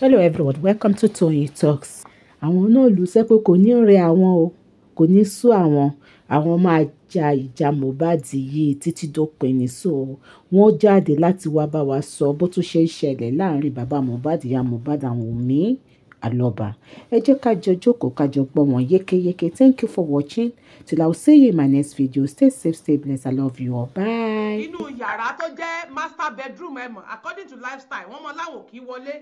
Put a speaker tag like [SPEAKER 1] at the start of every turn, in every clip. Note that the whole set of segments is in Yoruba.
[SPEAKER 1] hello everyone welcome to Tony Talks àwọn náà lù sẹ́ pé kò ní rẹ àwọn o kò ní sú àwọn àwọn máa ja ìjà Mohbad yìí títí dópin ní so wọ́n jáde láti wá bá wa sọ bó tún ṣe ń ṣẹlẹ̀ láàrin bàbá Mohbad ìyá Mohbad àwọn òmí àlọ́ba ẹ jẹ́ ká jọ jókòó ká jọ gbọ́ wọn yékéyéké thank you for watching till i will see you in my next video stay safe stay blessed i love you all bye. inú yàrá tó jẹ́ master bedroom ẹ̀ mọ̀ according to lifestyle wọ́n mọ láwọn ò kí wọlé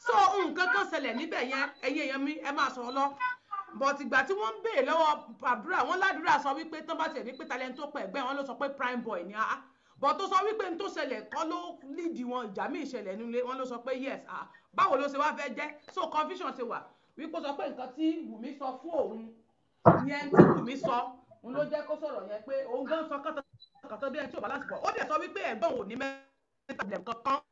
[SPEAKER 1] so nǹkan kan ṣẹlẹ̀ níbẹ̀ yẹn ẹ̀yin èèyàn mi ẹ máa sọ̀rọ̀ lọ but ìgbà tí wọ́n ń béè lọ́wọ́ àdúrà wọ́n ládùúrà sọ wípé tán bá tiẹ̀ ní pé talent tó pẹ̀ ẹgbẹ́ wọn ló sọ pé prime boy ni ah, ah. but tó sọ wípé n tó ṣẹlẹ̀ kọ́ ló nídìí wọn ìjà míì ṣẹlẹ̀ nílé wọn ló sọ pé yes ah báwo ló ṣe wá fẹ́ jẹ́ so confusion ti wà wípé sọ pé nǹkan tí Wùmí sọ fún òun yẹn tí Wùmí sọ òun ló jẹ́ kó sọ̀rọ̀ yẹn pé òun gan sọ kọ́tọ̀ bí ẹni tí ò bá lásìkò ó dẹ̀ sọ wípé ẹ̀gbọ́n òun ní mẹ́ta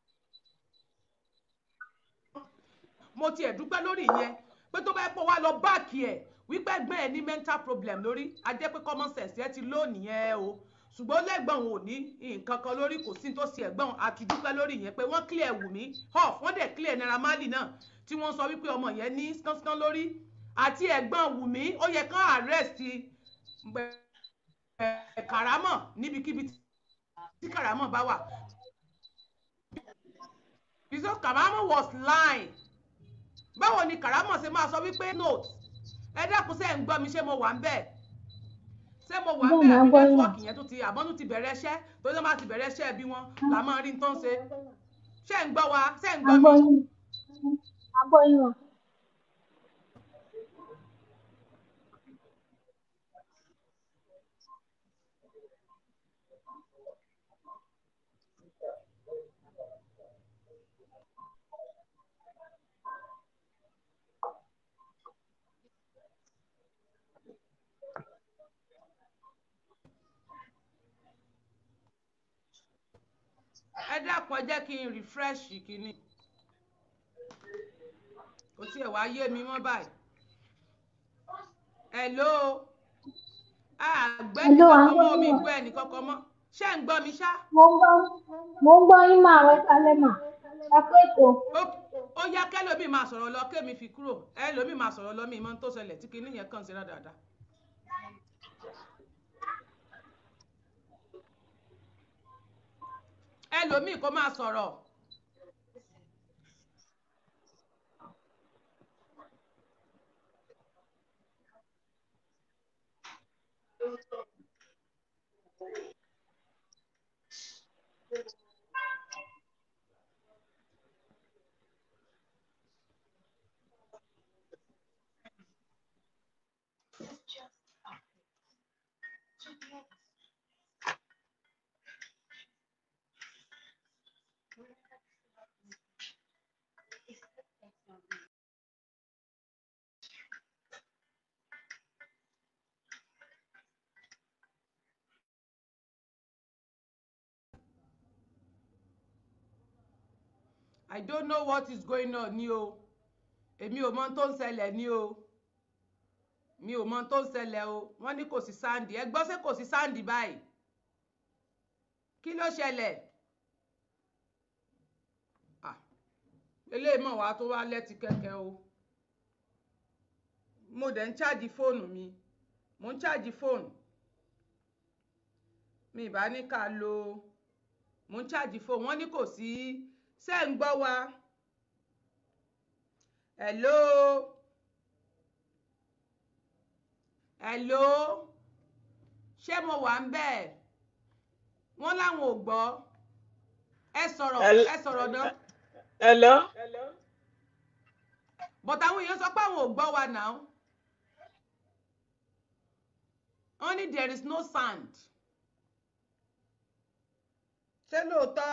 [SPEAKER 1] mo tiẹ̀ dúpẹ́ lórí ìyẹn pé tó bá yẹ pé wá lọ báàkì ẹ̀ wípé ẹgbẹ́ ẹ ní mental problem lórí a jẹ́ pé common sense ẹ ti lò nìyẹn o ṣùgbọ́n lẹ́gbọ̀n ò ní nǹkan kan lórí kò sí tó ṣe ẹ̀gbọ́n àtidúpẹ́ lórí yẹn pé wọ́n clear Wùmí off wọ́n dẹ̀ clear Naira Marley náà tí wọ́n sọ wípé ọmọ yẹn ní skánsán lórí àti ẹ̀gbọ́n Wùmí ó yẹ kán arrest Kàrámọ̀ níbikíbi tí Kàrámọ̀ bá wà. because Kàrámọ̀ was lying Karamo ṣe máa sọ wípé note ẹ dákun ṣe ń gbọ́ mi ṣé mo wà ń bẹ̀ mo wà ń bẹ̀ àbí nẹ́tíwọ́ọ̀kì ti àbọ́nú ti bẹ̀rẹ̀ iṣẹ́ tó ló máa ti bẹ̀rẹ̀ iṣẹ́ bí wọn là ah. máa rí nǹkan ṣe ṣé ń gbọ́ wa ṣé ń gbọ́ mi. dákun ẹ jẹ́ kí n refresh kínní kò tiẹ̀ wá yé mi mọ́ báyìí hello
[SPEAKER 2] àgbẹ̀ ní kọ́kọ́ mọ́ omi ìgbọ́
[SPEAKER 1] ẹ̀ ní kọ́kọ́ mọ́ ṣé ń gbọ́ mi ṣá. mo ń gbọ́ mo ń gbọ́ mà ẹ pé ètò. ó yá kẹ́lómi máa sọ̀rọ̀ lọ kémi fi kúrò ẹlòmíì máa sọ̀rọ̀ lọ mi ìmọ̀ tó ṣẹlẹ̀ tí kinní yẹn kàn sí rádaràda. ẹlòmíì kó máa sọ̀rọ̀ I don't know what is going on ni o èmi ò mọ tó ń ṣẹlẹ̀ ni o mi ò mọ tó ń ṣẹlẹ̀ o wọ́n ní kò sí sáǹdì ẹ gbọ́ ṣé kò sí sáǹdì báyìí kí ló ṣẹlẹ̀ eléyìí mọ̀ wá tó wá lẹ́tí kẹ̀kẹ́ o mo dẹ̀ ń ṣáàjì fóònù mi mo ń ṣáàjì fóònù mi ìbá ní ká lo mo ń ṣáàjì fóònù wọ́n ní kò Si, ṣé ń gbọ́ wa hello hello ṣé mo wà ń bẹ̀ wọ́n láwọn ò gbọ́ ẹ sọ̀rọ̀ ẹ sọ̀rọ̀ náà. hello. but àwọn èèyàn sọ pé àwọn ò gbọ́ wa náà only there is no sand. ṣé lóòótọ́.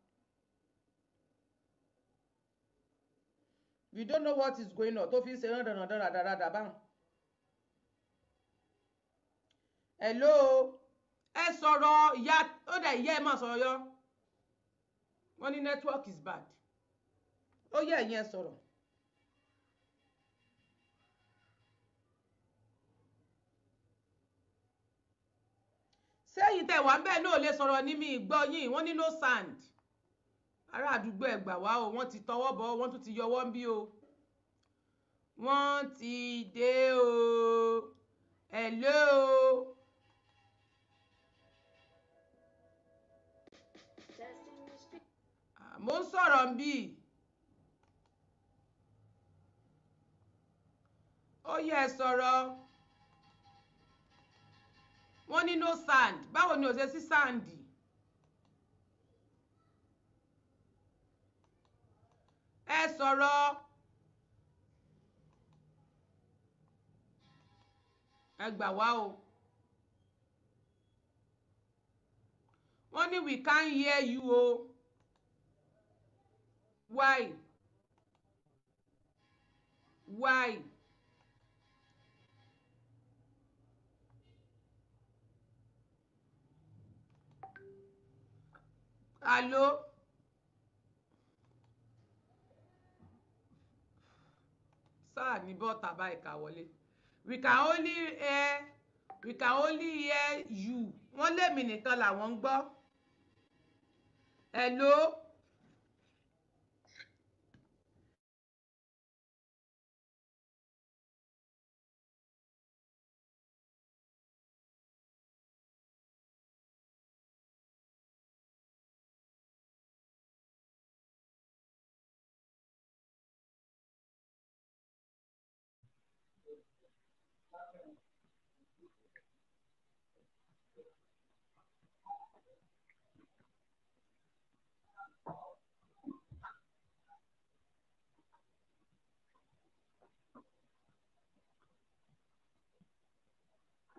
[SPEAKER 1] we don't know what is going on to fi ń ṣe rándàndàn rádaràdà ban hello ẹ sọ̀rọ̀ ìyá ó dà ìyá ẹ máa sọ̀rọ̀ yọ wọ́n network is bad ó yẹ ìyẹn sọ̀rọ̀. sẹ́yìn tẹ̀ wá bẹ́ẹ̀ náà lè sọ̀rọ̀ ní mi ìgbọ́ yín wọ́n no sand. ará àdúgbò ẹ̀gbà wá o wọ́n ti tọwọ́ bọ̀ wọ́n tún ti yọwọ́ bí o wọ́n ti dé o hello o. Ah, mo ń sọ̀rọ̀ ń bí. ó yẹ ẹ sọ̀rọ̀ wọ́n ní no sand báwo ni ò ṣe sí sáǹdì. ẹ sọ̀rọ̀. ẹ gbà wá o. wọ́n ní we can hear you o. why? why? Hello? sáà ní bọ́ọ̀tà báyìí kà wọlé we can only hear we can only hear you wọ́n lèmi nìkan làwọn ń gbọ́ hello.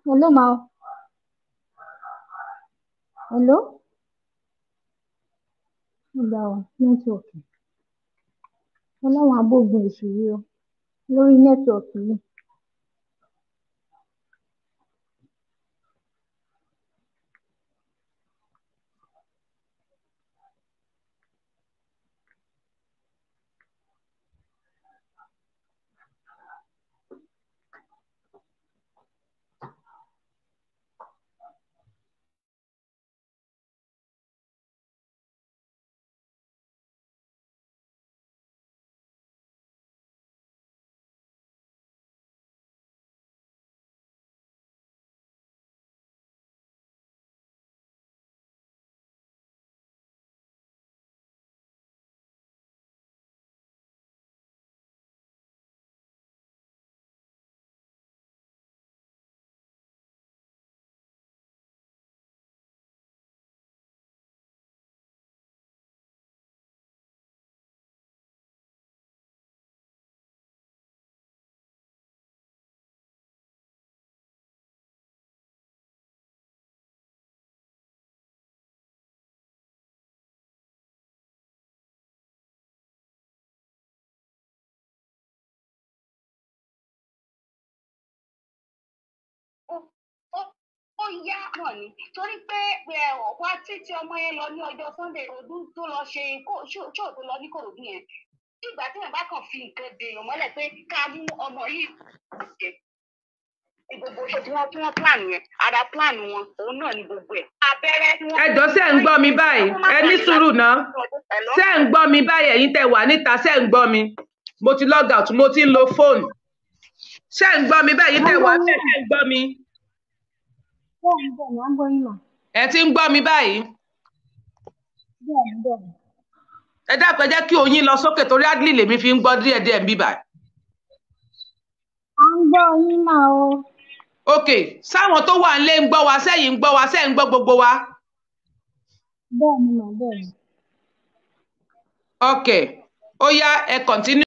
[SPEAKER 1] Hello, Mao. Hello? Ìgbà ọ̀ nẹ́tíwọ̀kì. Ọlọ́run abógun ìṣòro lórí nẹ́tíwọ̀kì yìí. yá náà ni torí pé ọ̀pá títí ọmọ yẹn lọ ní ọjọ́ sunday ọdún tó lọ ṣe ṣó tó lọ ní kòròdú yẹn nígbà tí wọn bá fi nǹkan dèèyàn mọ́lẹ̀ pé ká mú ọmọ yìí ṣe gbogbo ṣe tí wọn tí wọn plan yẹn ara plan wọn òun náà ni gbogbo ẹ. abẹ́rẹ́ tí wọ́n. ẹ̀dọ́ sẹ́ ń gbọ́ mi báyìí ẹ ní sùúrù náà sẹ́ ń gbọ́ mi báyìí ẹ̀yin tẹ́ wà níta sẹ́ ń gbọ́ mi mo ti log mo ti ń lo fóònù sẹ́ ń gbọ́ mi báyìí tẹ́ wà sẹ́ ń gbọ́ mi ẹ ti ń gbọ́ mi báyìí ẹ dákun ẹ jẹ́ kí oyin lọ sókè torí adley lèmi fi ń gbọ́ díẹ̀ díẹ̀ ń bíbà. à ń gbọ́ oyin náà o. ok sáwọn tó wà nílé ń gbọ́ wa sẹ́yìn ń gbọ́ wa sẹ́yìn ń gbọ́ gbogbo wa. bẹ́ẹ̀ ni mà bẹ́ẹ̀ ok ó ẹ kọ̀ntínú.